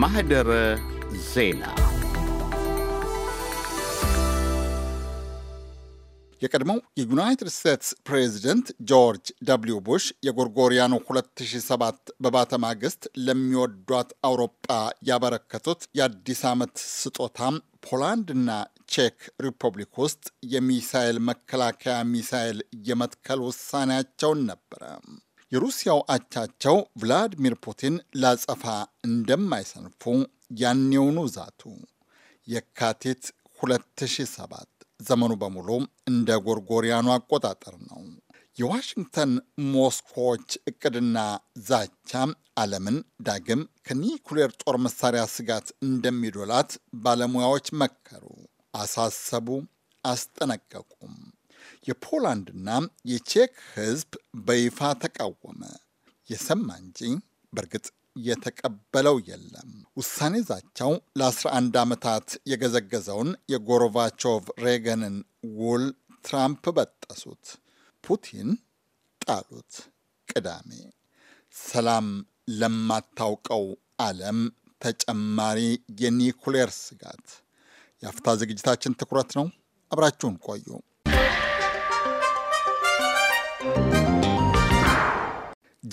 ማህደረ ዜና የቀድሞው የዩናይትድ ስቴትስ ፕሬዚደንት ጆርጅ ደብሊው ቡሽ የጎርጎሪያኑ 2007 በባተ ማግስት ለሚወዷት አውሮጳ ያበረከቱት የአዲስ ዓመት ስጦታም ፖላንድና ቼክ ሪፐብሊክ ውስጥ የሚሳኤል መከላከያ ሚሳኤል የመትከል ውሳኔያቸውን ነበረ። የሩሲያው አቻቸው ቭላዲሚር ፑቲን ላጸፋ እንደማይሰንፉ ያኔውኑ ዛቱ። የካቲት 2007 ዘመኑ በሙሉ እንደ ጎርጎሪያኑ አቆጣጠር ነው። የዋሽንግተን ሞስኮዎች እቅድና ዛቻ ዓለምን ዳግም ከኒኩሌር ጦር መሳሪያ ስጋት እንደሚዶላት ባለሙያዎች መከሩ፣ አሳሰቡ፣ አስጠነቀቁም። የፖላንድና የቼክ ሕዝብ በይፋ ተቃወመ። የሰማ እንጂ በእርግጥ የተቀበለው የለም። ውሳኔ ዛቻው ለ11 ዓመታት የገዘገዘውን የጎርባቾቭ ሬገንን ውል ትራምፕ በጠሱት፣ ፑቲን ጣሉት። ቅዳሜ ሰላም ለማታውቀው ዓለም ተጨማሪ የኒኩሌር ስጋት የአፍታ ዝግጅታችን ትኩረት ነው። አብራችሁን ቆዩ።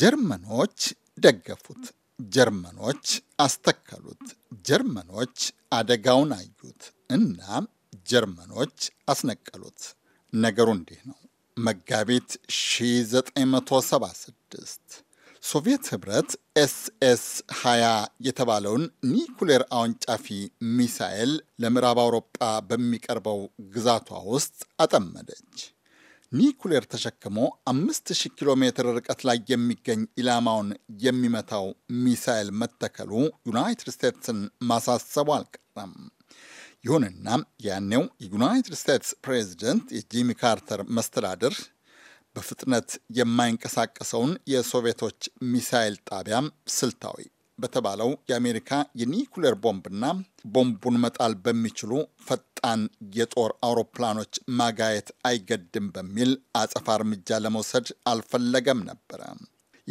ጀርመኖች ደገፉት፣ ጀርመኖች አስተከሉት፣ ጀርመኖች አደጋውን አዩት እና ጀርመኖች አስነቀሉት። ነገሩ እንዲህ ነው። መጋቢት 1976 ሶቪየት ህብረት ኤስኤስ 20 የተባለውን ኒኩሌር አወንጫፊ ሚሳኤል ለምዕራብ አውሮጳ በሚቀርበው ግዛቷ ውስጥ አጠመደች። ኒኩሌር ተሸክሞ አምስት ሺህ ኪሎ ሜትር ርቀት ላይ የሚገኝ ኢላማውን የሚመታው ሚሳይል መተከሉ ዩናይትድ ስቴትስን ማሳሰቡ አልቀረም። ይሁንና ያኔው የዩናይትድ ስቴትስ ፕሬዚደንት የጂሚ ካርተር መስተዳድር በፍጥነት የማይንቀሳቀሰውን የሶቪየቶች ሚሳይል ጣቢያ ስልታዊ በተባለው የአሜሪካ የኒኩሌር ቦምብና ቦምቡን መጣል በሚችሉ ፈጣን የጦር አውሮፕላኖች ማጋየት አይገድም በሚል አጸፋ እርምጃ ለመውሰድ አልፈለገም ነበረ።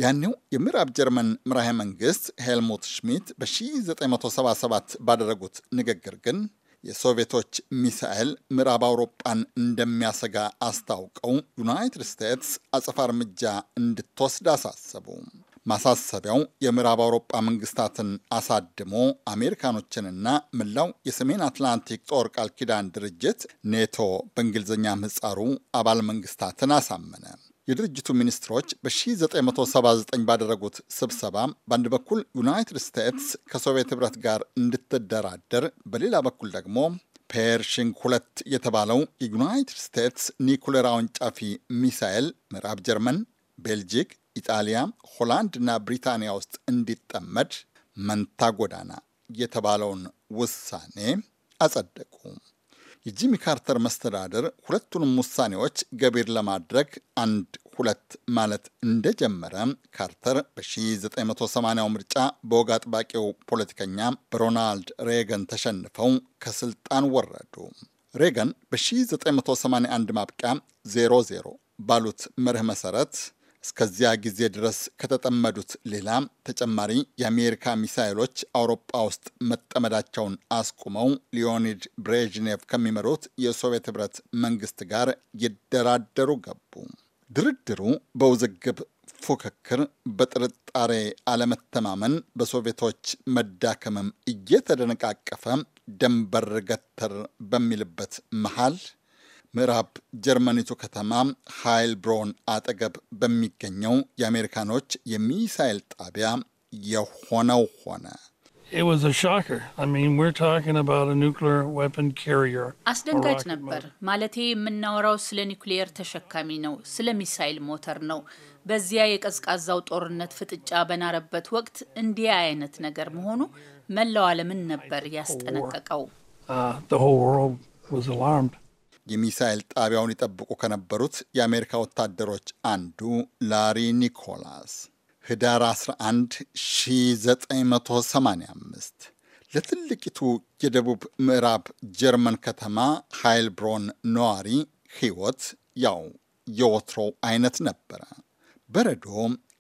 ያኔው የምዕራብ ጀርመን መራሄ መንግስት ሄልሙት ሽሚት በ1977 ባደረጉት ንግግር ግን የሶቪየቶች ሚሳኤል ምዕራብ አውሮጳን እንደሚያሰጋ አስታውቀው ዩናይትድ ስቴትስ አጸፋ እርምጃ እንድትወስድ አሳሰቡ። ማሳሰቢያው የምዕራብ አውሮጳ መንግስታትን አሳድሞ አሜሪካኖችንና መላው የሰሜን አትላንቲክ ጦር ቃል ኪዳን ድርጅት ኔቶ በእንግሊዝኛ ምህጻሩ አባል መንግስታትን አሳመነ። የድርጅቱ ሚኒስትሮች በ1979 ባደረጉት ስብሰባ በአንድ በኩል ዩናይትድ ስቴትስ ከሶቪየት ህብረት ጋር እንድትደራደር፣ በሌላ በኩል ደግሞ ፔርሽንግ ሁለት የተባለው የዩናይትድ ስቴትስ ኒኩሌር አወንጫፊ ሚሳኤል ምዕራብ ጀርመን፣ ቤልጂክ፣ ኢጣሊያ፣ ሆላንድ እና ብሪታንያ ውስጥ እንዲጠመድ መንታ ጎዳና የተባለውን ውሳኔ አጸደቁ። የጂሚ ካርተር መስተዳደር ሁለቱንም ውሳኔዎች ገቢር ለማድረግ አንድ ሁለት ማለት እንደጀመረ ካርተር በ1980 ምርጫ በወግ አጥባቂው ፖለቲከኛ በሮናልድ ሬገን ተሸንፈው ከስልጣን ወረዱ። ሬገን በ1981 ማብቂያ 00 ባሉት መርህ መሰረት እስከዚያ ጊዜ ድረስ ከተጠመዱት ሌላ ተጨማሪ የአሜሪካ ሚሳይሎች አውሮፓ ውስጥ መጠመዳቸውን አስቁመው ሊዮኒድ ብሬዥኔቭ ከሚመሩት የሶቪየት ህብረት መንግስት ጋር ይደራደሩ ገቡ። ድርድሩ በውዝግብ ፉክክር፣ በጥርጣሬ አለመተማመን፣ በሶቪየቶች መዳከምም እየተደነቃቀፈ ደንበር ገተር በሚልበት መሃል ምዕራብ ጀርመኒቱ ከተማ ሃይል ብሮን አጠገብ በሚገኘው የአሜሪካኖች የሚሳይል ጣቢያ የሆነው ሆነ። አስደንጋጭ ነበር። ማለቴ የምናወራው ስለ ኒውክሊየር ተሸካሚ ነው፣ ስለ ሚሳይል ሞተር ነው። በዚያ የቀዝቃዛው ጦርነት ፍጥጫ በናረበት ወቅት እንዲያ አይነት ነገር መሆኑ መላው ዓለምን ነበር ያስጠነቀቀው። uh, የሚሳኤል ጣቢያውን ይጠብቁ ከነበሩት የአሜሪካ ወታደሮች አንዱ ላሪ ኒኮላስ ህዳር 11 1985 ለትልቂቱ የደቡብ ምዕራብ ጀርመን ከተማ ሃይልብሮን ነዋሪ ሕይወት ያው የወትሮው አይነት ነበረ። በረዶ፣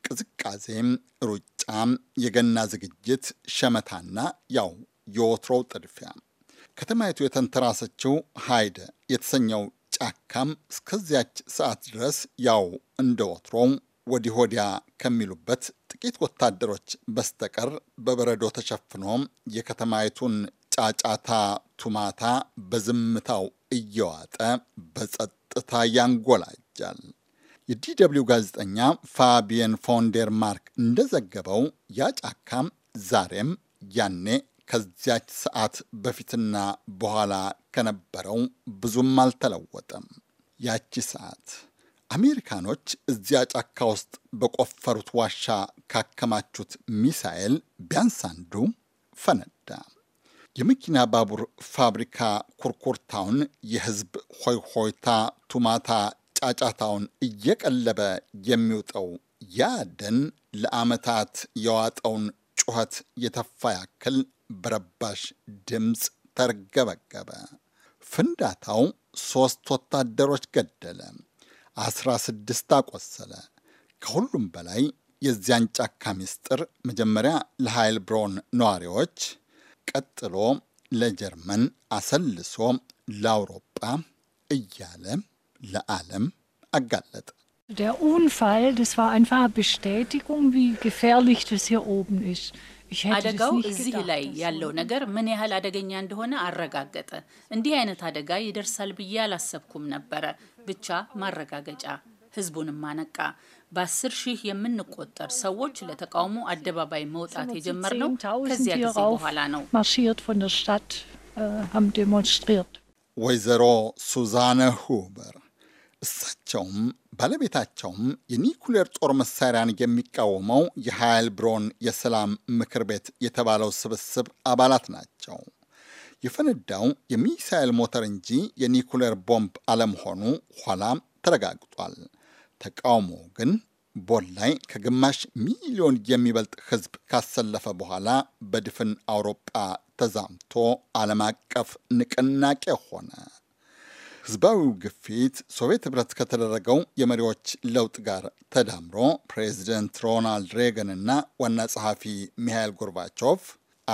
ቅዝቃዜም፣ ሩጫም፣ የገና ዝግጅት፣ ሸመታና ያው የወትሮው ጥድፊያ። ከተማይቱ የተንተራሰችው ሃይደ የተሰኘው ጫካም እስከዚያች ሰዓት ድረስ ያው እንደ ወትሮው ወዲህ ወዲያ ከሚሉበት ጥቂት ወታደሮች በስተቀር በበረዶ ተሸፍኖ የከተማይቱን ጫጫታ ቱማታ በዝምታው እየዋጠ በጸጥታ ያንጎላጃል። የዲደብሊው ጋዜጠኛ ፋቢየን ፎንዴር ማርክ እንደዘገበው ያ ጫካም ዛሬም ያኔ ከዚያች ሰዓት በፊትና በኋላ ከነበረው ብዙም አልተለወጠም። ያቺ ሰዓት አሜሪካኖች እዚያ ጫካ ውስጥ በቆፈሩት ዋሻ ካከማቹት ሚሳኤል ቢያንስ አንዱ ፈነዳ። የመኪና ባቡር ፋብሪካ ኩርኩርታውን፣ የህዝብ ሆይሆይታ፣ ቱማታ፣ ጫጫታውን እየቀለበ የሚውጠው ያ ደን ለአመታት የዋጠውን ጩኸት የተፋ ያክል በረባሽ ድምፅ ተርገበገበ። ፍንዳታው ሦስት ወታደሮች ገደለ፣ አስራ ስድስት አቆሰለ። ከሁሉም በላይ የዚያን ጫካ ምስጢር መጀመሪያ ለሃይል ብሮን ነዋሪዎች፣ ቀጥሎ ለጀርመን አሰልሶ ለአውሮጳ እያለ ለዓለም አጋለጠ። Der Unfall, das war einfach eine Bestätigung, wie gefährlich das hier oben ist. አደጋው እዚህ ላይ ያለው ነገር ምን ያህል አደገኛ እንደሆነ አረጋገጠ። እንዲህ አይነት አደጋ ይደርሳል ብዬ አላሰብኩም ነበረ። ብቻ ማረጋገጫ ህዝቡንም አነቃ። በአስር ሺህ የምንቆጠር ሰዎች ለተቃውሞ አደባባይ መውጣት የጀመርነው ከዚያ ጊዜ በኋላ ነው። ወይዘሮ ሱዛነ ሁበር እሳቸውም ባለቤታቸውም የኒኩሌር ጦር መሳሪያን የሚቃወመው የሃይል ብሮን የሰላም ምክር ቤት የተባለው ስብስብ አባላት ናቸው። የፈነዳው የሚሳኤል ሞተር እንጂ የኒኩሌር ቦምብ አለመሆኑ ኋላም ተረጋግጧል። ተቃውሞ ግን ቦን ላይ ከግማሽ ሚሊዮን የሚበልጥ ሕዝብ ካሰለፈ በኋላ በድፍን አውሮጳ ተዛምቶ ዓለም አቀፍ ንቅናቄ ሆነ። ህዝባዊው ግፊት ሶቪየት ህብረት ከተደረገው የመሪዎች ለውጥ ጋር ተዳምሮ ፕሬዚደንት ሮናልድ ሬገን እና ዋና ጸሐፊ ሚሃይል ጎርባቾቭ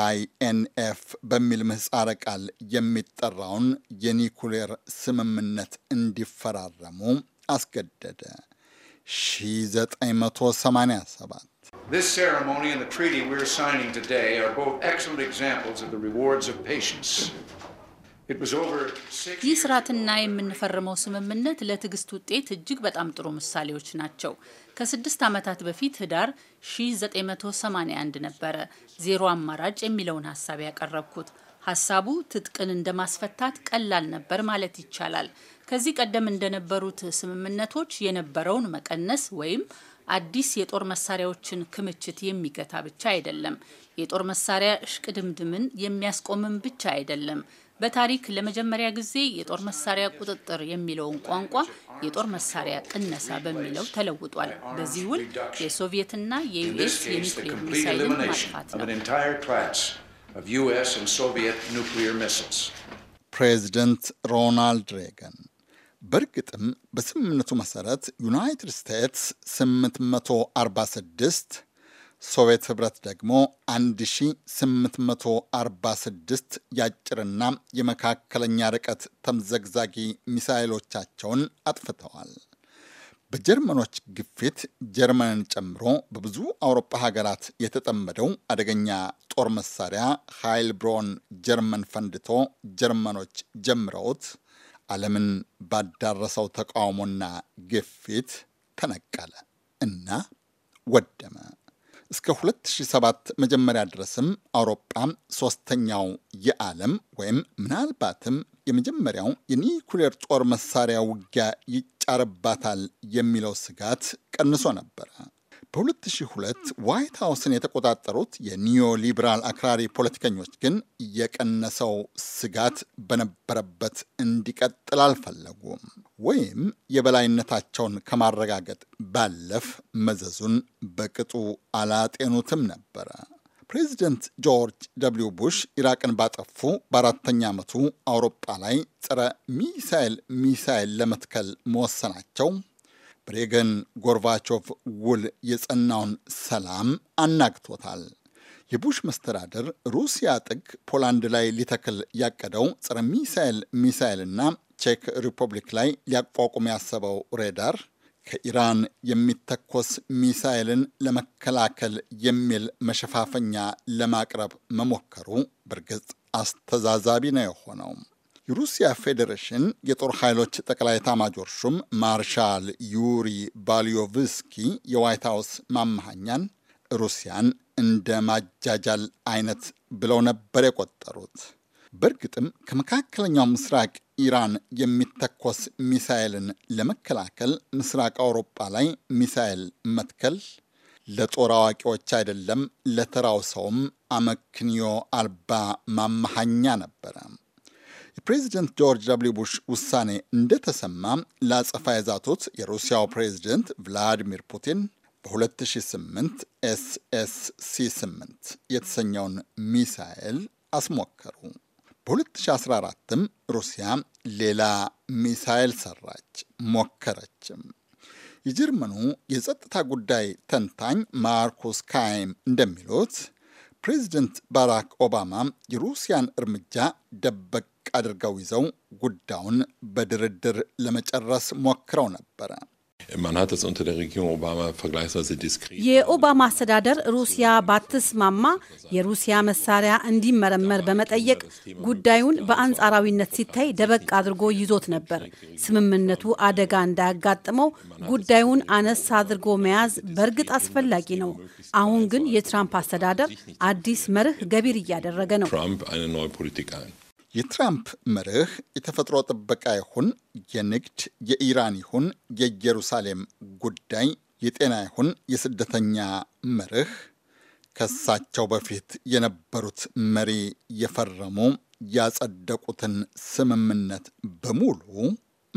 አይኤንኤፍ በሚል ምህፃረ ቃል የሚጠራውን የኒኩሌር ስምምነት እንዲፈራረሙ አስገደደ። 1987 ይህ ስርዓትና የምንፈርመው ስምምነት ለትዕግስት ውጤት እጅግ በጣም ጥሩ ምሳሌዎች ናቸው። ከስድስት ዓመታት በፊት ህዳር 1981 ነበረ ዜሮ አማራጭ የሚለውን ሀሳብ ያቀረብኩት። ሀሳቡ ትጥቅን እንደ ማስፈታት ቀላል ነበር ማለት ይቻላል። ከዚህ ቀደም እንደነበሩት ስምምነቶች የነበረውን መቀነስ ወይም አዲስ የጦር መሳሪያዎችን ክምችት የሚገታ ብቻ አይደለም። የጦር መሳሪያ እሽቅድምድምን የሚያስቆምም ብቻ አይደለም። በታሪክ ለመጀመሪያ ጊዜ የጦር መሳሪያ ቁጥጥር የሚለውን ቋንቋ የጦር መሳሪያ ቅነሳ በሚለው ተለውጧል። በዚህ ውል የሶቪየትና የዩኤስ የኒክሌር ሚሳይልን ማጥፋት ነው። ፕሬዚደንት ሮናልድ ሬገን በእርግጥም በስምምነቱ መሰረት ዩናይትድ ስቴትስ 846 ሶቪየት ህብረት ደግሞ 1846 የአጭርና የመካከለኛ ርቀት ተምዘግዛጊ ሚሳይሎቻቸውን አጥፍተዋል። በጀርመኖች ግፊት ጀርመንን ጨምሮ በብዙ አውሮፓ ሀገራት የተጠመደው አደገኛ ጦር መሳሪያ ሃይል ብሮን ጀርመን ፈንድቶ ጀርመኖች ጀምረውት ዓለምን ባዳረሰው ተቃውሞና ግፊት ተነቀለ እና ወደመ። እስከ 2007 መጀመሪያ ድረስም አውሮፓ ሶስተኛው የዓለም ወይም ምናልባትም የመጀመሪያው የኒውክሌር ጦር መሳሪያ ውጊያ ይጫርባታል የሚለው ስጋት ቀንሶ ነበረ። በ2002 ዋይት ሀውስን የተቆጣጠሩት የኒዮ ሊብራል አክራሪ ፖለቲከኞች ግን የቀነሰው ስጋት በነበረበት እንዲቀጥል አልፈለጉም፣ ወይም የበላይነታቸውን ከማረጋገጥ ባለፍ መዘዙን በቅጡ አላጤኑትም ነበረ። ፕሬዚደንት ጆርጅ ደብሊው ቡሽ ኢራቅን ባጠፉ በአራተኛ ዓመቱ አውሮፓ ላይ ጸረ ሚሳይል ሚሳይል ለመትከል መወሰናቸው ሬገን ጎርባቾቭ ውል የጸናውን ሰላም አናግቶታል። የቡሽ መስተዳደር ሩሲያ ጥግ ፖላንድ ላይ ሊተክል ያቀደው ጸረ ሚሳኤል ሚሳኤልና ቼክ ሪፐብሊክ ላይ ሊያቋቁም ያሰበው ሬዳር ከኢራን የሚተኮስ ሚሳኤልን ለመከላከል የሚል መሸፋፈኛ ለማቅረብ መሞከሩ በእርግጥ አስተዛዛቢ ነው የሆነው። የሩሲያ ፌዴሬሽን የጦር ኃይሎች ጠቅላይ ታማጆር ሹም ማርሻል ዩሪ ባልዮቭስኪ የዋይት ሀውስ ማመሃኛን ሩሲያን እንደ ማጃጃል አይነት ብለው ነበር የቆጠሩት። በእርግጥም ከመካከለኛው ምስራቅ ኢራን የሚተኮስ ሚሳኤልን ለመከላከል ምስራቅ አውሮፓ ላይ ሚሳኤል መትከል ለጦር አዋቂዎች አይደለም፣ ለተራው ሰውም አመክንዮ አልባ ማመሃኛ ነበረ። የፕሬዚደንት ጆርጅ ደብልዩ ቡሽ ውሳኔ እንደተሰማ ለአጸፋ የዛቱት የሩሲያው ፕሬዚደንት ቭላዲሚር ፑቲን በ2008 ኤስኤስሲ 8 የተሰኘውን ሚሳኤል አስሞከሩ። በ2014ም ሩሲያ ሌላ ሚሳኤል ሰራች ሞከረችም። የጀርመኑ የጸጥታ ጉዳይ ተንታኝ ማርኩስ ካይም እንደሚሉት ፕሬዚደንት ባራክ ኦባማ የሩሲያን እርምጃ ደበቅ አድርገው ይዘው ጉዳዩን በድርድር ለመጨረስ ሞክረው ነበረ። የኦባማ አስተዳደር ሩሲያ ባትስማማ የሩሲያ መሳሪያ እንዲመረመር በመጠየቅ ጉዳዩን በአንጻራዊነት ሲታይ ደበቅ አድርጎ ይዞት ነበር። ስምምነቱ አደጋ እንዳያጋጥመው ጉዳዩን አነስ አድርጎ መያዝ በእርግጥ አስፈላጊ ነው። አሁን ግን የትራምፕ አስተዳደር አዲስ መርህ ገቢር እያደረገ ነው። የትራምፕ መርህ የተፈጥሮ ጥበቃ ይሁን የንግድ፣ የኢራን ይሁን የኢየሩሳሌም ጉዳይ፣ የጤና ይሁን የስደተኛ መርህ ከሳቸው በፊት የነበሩት መሪ የፈረሙ ያጸደቁትን ስምምነት በሙሉ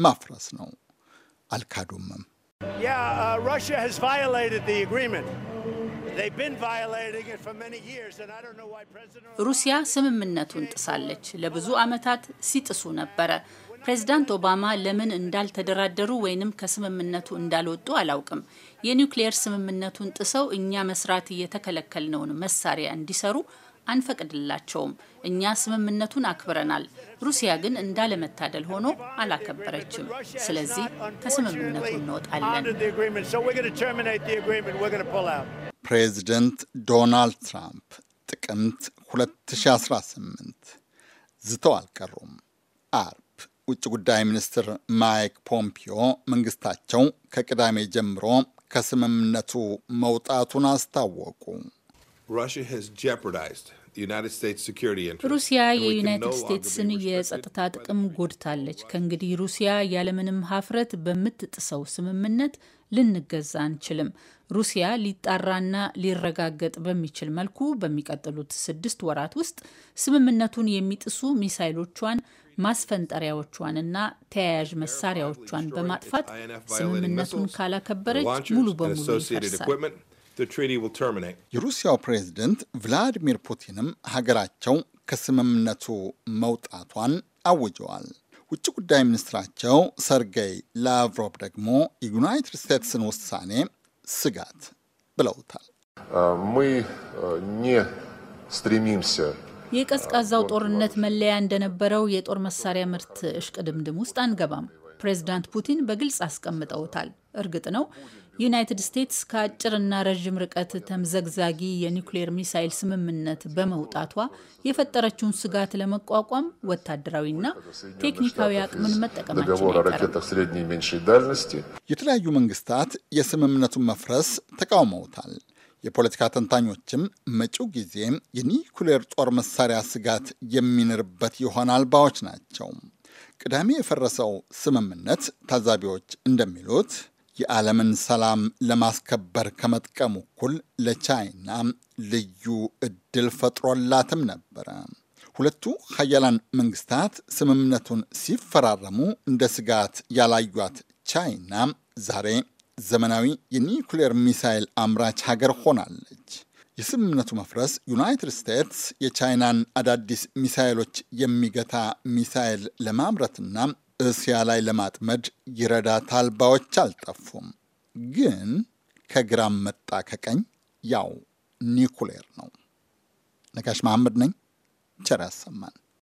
ማፍረስ ነው። አልካዱምም። ሩሲያ uh, ሩሲያ ስምምነቱን ጥሳለች። ለብዙ ዓመታት ሲጥሱ ነበረ። ፕሬዚዳንት ኦባማ ለምን እንዳልተደራደሩ ወይንም ከስምምነቱ እንዳልወጡ አላውቅም። የኒውክሌየር ስምምነቱን ጥሰው እኛ መስራት እየተከለከልነውን መሳሪያ እንዲሰሩ አንፈቅድላቸውም። እኛ ስምምነቱን አክብረናል። ሩሲያ ግን እንዳለመታደል ሆኖ አላከበረችም። ስለዚህ ከስምምነቱ እንወጣለን። ፕሬዚደንት ዶናልድ ትራምፕ ጥቅምት 2018 ዝተው አልቀሩም። አርብ ውጭ ጉዳይ ሚኒስትር ማይክ ፖምፒዮ መንግስታቸው ከቅዳሜ ጀምሮ ከስምምነቱ መውጣቱን አስታወቁ። ሩሲያ ሩሲያ የዩናይትድ ስቴትስን የጸጥታ ጥቅም ጎድታለች። ከእንግዲህ ሩሲያ ያለምንም ሀፍረት በምትጥሰው ስምምነት ልንገዛ አንችልም። ሩሲያ ሊጣራና ሊረጋገጥ በሚችል መልኩ በሚቀጥሉት ስድስት ወራት ውስጥ ስምምነቱን የሚጥሱ ሚሳይሎቿን ማስፈንጠሪያዎቿንና ተያያዥ መሳሪያዎቿን በማጥፋት ስምምነቱን ካላከበረች ሙሉ በሙሉ ይፈርሳል። የሩሲያው ፕሬዝደንት ቭላዲሚር ፑቲንም ሀገራቸው ከስምምነቱ መውጣቷን አውጀዋል። ውጭ ጉዳይ ሚኒስትራቸው ሰርጌይ ላቭሮቭ ደግሞ የዩናይትድ ስቴትስን ውሳኔ ስጋት ብለውታል። የቀዝቃዛው ጦርነት መለያ እንደነበረው የጦር መሳሪያ ምርት እሽቅድምድም ውስጥ አንገባም። ፕሬዚዳንት ፑቲን በግልጽ አስቀምጠውታል። እርግጥ ነው ዩናይትድ ስቴትስ ከአጭርና ረዥም ርቀት ተምዘግዛጊ የኒውክሌር ሚሳይል ስምምነት በመውጣቷ የፈጠረችውን ስጋት ለመቋቋም ወታደራዊና ቴክኒካዊ አቅምን መጠቀማቸው የተለያዩ መንግስታት የስምምነቱን መፍረስ ተቃውመውታል። የፖለቲካ ተንታኞችም መጪው ጊዜ የኒውክሌር ጦር መሳሪያ ስጋት የሚንርበት ይሆናል አልባዎች ናቸው። ቅዳሜ የፈረሰው ስምምነት ታዛቢዎች እንደሚሉት የዓለምን ሰላም ለማስከበር ከመጥቀሙ እኩል ለቻይና ልዩ እድል ፈጥሮላትም ነበረ። ሁለቱ ሀያላን መንግስታት ስምምነቱን ሲፈራረሙ እንደ ስጋት ያላዩት ቻይና ዛሬ ዘመናዊ የኒውክሌር ሚሳይል አምራች ሀገር ሆናለች። የስምምነቱ መፍረስ ዩናይትድ ስቴትስ የቻይናን አዳዲስ ሚሳይሎች የሚገታ ሚሳይል ለማምረትና እስያ ላይ ለማጥመድ ይረዳት አልባዎች አልጠፉም። ግን ከግራም መጣ ከቀኝ ያው ኒኩሌር ነው። ነጋሽ መሐመድ ነኝ። ቸር ያሰማን።